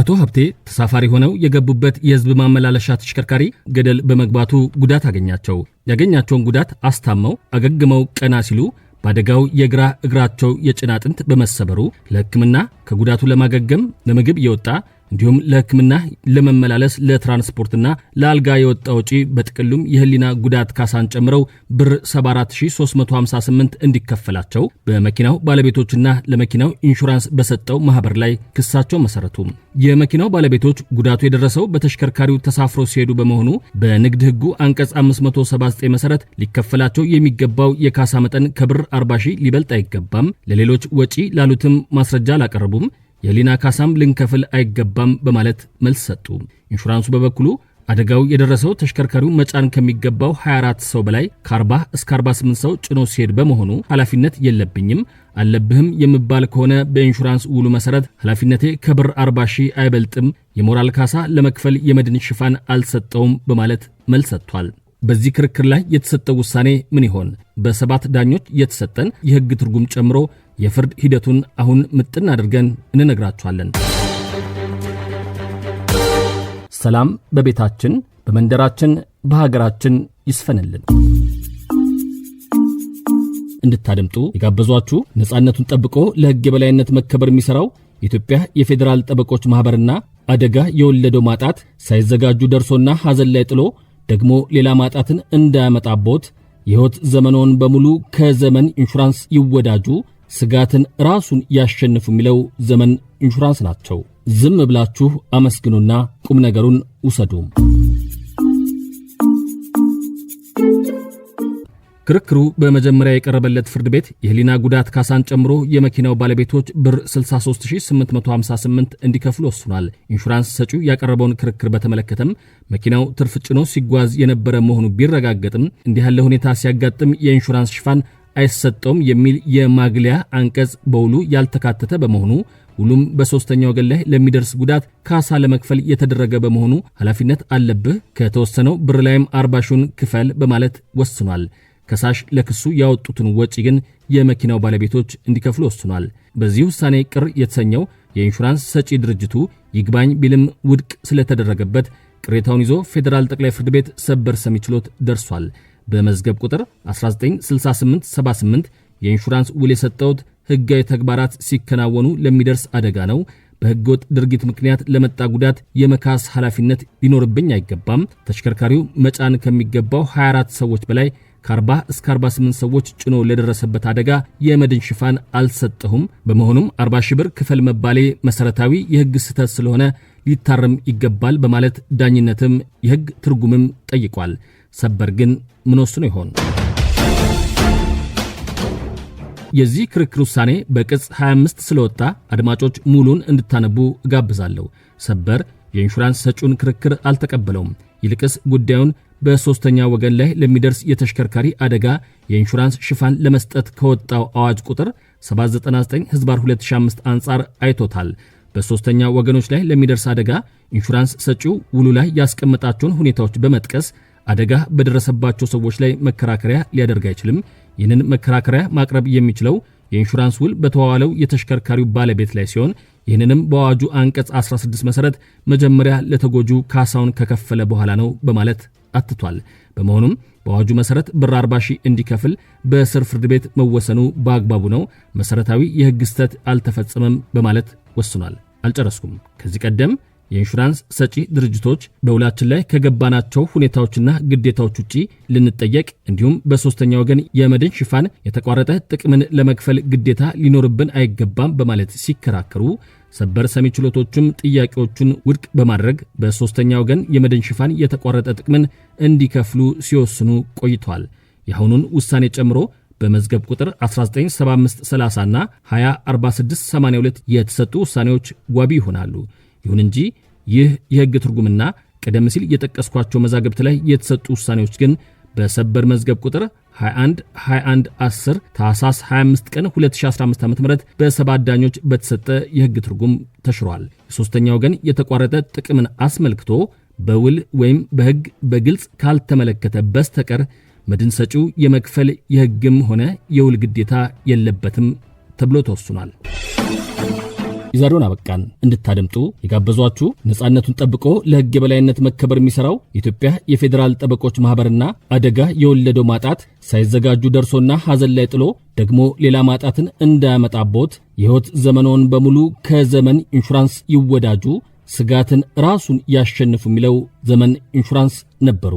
አቶ ሀብቴ ተሳፋሪ ሆነው የገቡበት የህዝብ ማመላለሻ ተሽከርካሪ ገደል በመግባቱ ጉዳት አገኛቸው። ያገኛቸውን ጉዳት አስታመው አገግመው ቀና ሲሉ በአደጋው የግራ እግራቸው የጭን አጥንት በመሰበሩ ለሕክምና ከጉዳቱ ለማገገም ለምግብ የወጣ እንዲሁም ለሕክምና ለመመላለስ ለትራንስፖርትና ለአልጋ የወጣ ወጪ በጥቅሉም የህሊና ጉዳት ካሳን ጨምረው ብር 74358 እንዲከፈላቸው በመኪናው ባለቤቶችና ለመኪናው ኢንሹራንስ በሰጠው ማህበር ላይ ክሳቸው መሰረቱ። የመኪናው ባለቤቶች ጉዳቱ የደረሰው በተሽከርካሪው ተሳፍሮ ሲሄዱ በመሆኑ በንግድ ህጉ አንቀጽ 579 መሰረት ሊከፈላቸው የሚገባው የካሳ መጠን ከብር 40 ሺህ ሊበልጥ አይገባም። ለሌሎች ወጪ ላሉትም ማስረጃ አላቀረቡም። የሊና ካሳም ልንከፍል አይገባም በማለት መልስ ሰጡ። ኢንሹራንሱ በበኩሉ አደጋው የደረሰው ተሽከርካሪው መጫን ከሚገባው 24 ሰው በላይ ከ40 እስከ 48 ሰው ጭኖ ሲሄድ በመሆኑ ኃላፊነት የለብኝም፣ አለብህም የሚባል ከሆነ በኢንሹራንስ ውሉ መሰረት ኃላፊነቴ ከብር 40 ሺህ አይበልጥም፣ የሞራል ካሳ ለመክፈል የመድን ሽፋን አልሰጠውም በማለት መልስ ሰጥቷል። በዚህ ክርክር ላይ የተሰጠው ውሳኔ ምን ይሆን? በሰባት ዳኞች የተሰጠን የሕግ ትርጉም ጨምሮ የፍርድ ሂደቱን አሁን ምጥን አድርገን እንነግራችኋለን። ሰላም በቤታችን በመንደራችን በሀገራችን ይስፈንልን። እንድታደምጡ የጋበዟችሁ ነፃነቱን ጠብቆ ለሕግ የበላይነት መከበር የሚሠራው የኢትዮጵያ የፌዴራል ጠበቆች ማኅበርና አደጋ የወለደው ማጣት ሳይዘጋጁ ደርሶና ሐዘን ላይ ጥሎ ደግሞ ሌላ ማጣትን እንዳያመጣቦት የሕይወት ዘመኖን በሙሉ ከዘመን ኢንሹራንስ ይወዳጁ። ስጋትን ራሱን ያሸንፉ የሚለው ዘመን ኢንሹራንስ ናቸው። ዝም ብላችሁ አመስግኑና ቁም ነገሩን ውሰዱም። ክርክሩ በመጀመሪያ የቀረበለት ፍርድ ቤት የህሊና ጉዳት ካሳን ጨምሮ የመኪናው ባለቤቶች ብር 63858 እንዲከፍሉ ወስኗል። ኢንሹራንስ ሰጪው ያቀረበውን ክርክር በተመለከተም መኪናው ትርፍ ጭኖ ሲጓዝ የነበረ መሆኑ ቢረጋገጥም እንዲህ ያለ ሁኔታ ሲያጋጥም የኢንሹራንስ ሽፋን አይሰጠውም የሚል የማግለያ አንቀጽ በውሉ ያልተካተተ በመሆኑ ሁሉም በሶስተኛ ወገን ላይ ለሚደርስ ጉዳት ካሳ ለመክፈል የተደረገ በመሆኑ ኃላፊነት አለብህ፣ ከተወሰነው ብር ላይም አርባ ሺውን ክፈል በማለት ወስኗል። ከሳሽ ለክሱ ያወጡትን ወጪ ግን የመኪናው ባለቤቶች እንዲከፍሉ ወስኗል። በዚህ ውሳኔ ቅር የተሰኘው የኢንሹራንስ ሰጪ ድርጅቱ ይግባኝ ቢልም ውድቅ ስለተደረገበት ቅሬታውን ይዞ ፌዴራል ጠቅላይ ፍርድ ቤት ሰበር ሰሚ ችሎት ደርሷል። በመዝገብ ቁጥር 196878 የኢንሹራንስ ውል የሰጠውት ሕጋዊ ተግባራት ሲከናወኑ ለሚደርስ አደጋ ነው። በሕገወጥ ድርጊት ምክንያት ለመጣ ጉዳት የመካስ ኃላፊነት ሊኖርብኝ አይገባም። ተሽከርካሪው መጫን ከሚገባው 24 ሰዎች በላይ ከ40 እስከ 48 ሰዎች ጭኖ ለደረሰበት አደጋ የመድን ሽፋን አልሰጠሁም። በመሆኑም 40 ሺህ ብር ክፈል መባሌ መሰረታዊ የህግ ስህተት ስለሆነ ሊታረም ይገባል በማለት ዳኝነትም የህግ ትርጉምም ጠይቋል። ሰበር ግን ምን ወስኖ ይሆን? የዚህ ክርክር ውሳኔ በቅጽ 25 ስለወጣ አድማጮች ሙሉን እንድታነቡ እጋብዛለሁ። ሰበር የኢንሹራንስ ሰጪውን ክርክር አልተቀበለውም። ይልቅስ ጉዳዩን በሶስተኛ ወገን ላይ ለሚደርስ የተሽከርካሪ አደጋ የኢንሹራንስ ሽፋን ለመስጠት ከወጣው አዋጅ ቁጥር 799 ህዝባር 2005 አንጻር አይቶታል። በሶስተኛ ወገኖች ላይ ለሚደርስ አደጋ ኢንሹራንስ ሰጪው ውሉ ላይ ያስቀመጣቸውን ሁኔታዎች በመጥቀስ አደጋ በደረሰባቸው ሰዎች ላይ መከራከሪያ ሊያደርግ አይችልም። ይህንን መከራከሪያ ማቅረብ የሚችለው የኢንሹራንስ ውል በተዋዋለው የተሽከርካሪው ባለቤት ላይ ሲሆን ይህንንም በአዋጁ አንቀጽ 16 መሠረት መጀመሪያ ለተጎጁ ካሳውን ከከፈለ በኋላ ነው በማለት አትቷል። በመሆኑም በአዋጁ መሰረት ብር 40 ሺህ እንዲከፍል በስር ፍርድ ቤት መወሰኑ በአግባቡ ነው፣ መሰረታዊ የህግ ስህተት አልተፈጸመም በማለት ወስኗል። አልጨረስኩም። ከዚህ ቀደም የኢንሹራንስ ሰጪ ድርጅቶች በውላችን ላይ ከገባናቸው ሁኔታዎችና ግዴታዎች ውጪ ልንጠየቅ እንዲሁም በሶስተኛ ወገን የመድን ሽፋን የተቋረጠ ጥቅምን ለመክፈል ግዴታ ሊኖርብን አይገባም በማለት ሲከራከሩ፣ ሰበር ሰሚ ችሎቶቹም ጥያቄዎቹን ውድቅ በማድረግ በሶስተኛ ወገን የመድን ሽፋን የተቋረጠ ጥቅምን እንዲከፍሉ ሲወስኑ ቆይተዋል። የአሁኑን ውሳኔ ጨምሮ በመዝገብ ቁጥር 197530 እና 204682 የተሰጡ ውሳኔዎች ዋቢ ይሆናሉ። ይሁን እንጂ ይህ የህግ ትርጉምና ቀደም ሲል የጠቀስኳቸው መዛግብት ላይ የተሰጡ ውሳኔዎች ግን በሰበር መዝገብ ቁጥር 21 21 10 ታህሳስ 25 ቀን 2015 ዓ.ም በሰባ ዳኞች በተሰጠ የህግ ትርጉም ተሽሯል። የሦስተኛ ወገን የተቋረጠ ጥቅምን አስመልክቶ በውል ወይም በሕግ በግልጽ ካልተመለከተ በስተቀር መድን ሰጪው የመክፈል የሕግም ሆነ የውል ግዴታ የለበትም ተብሎ ተወስኗል። የዛሬውን አበቃን። እንድታደምጡ የጋበዟችሁ ነፃነቱን ጠብቆ ለህግ የበላይነት መከበር የሚሰራው የኢትዮጵያ የፌዴራል ጠበቆች ማህበርና አደጋ የወለደው ማጣት ሳይዘጋጁ ደርሶና ሐዘን ላይ ጥሎ ደግሞ ሌላ ማጣትን እንዳያመጣቦት የህይወት ዘመኖን በሙሉ ከዘመን ኢንሹራንስ ይወዳጁ። ስጋትን ራሱን ያሸንፉ የሚለው ዘመን ኢንሹራንስ ነበሩ።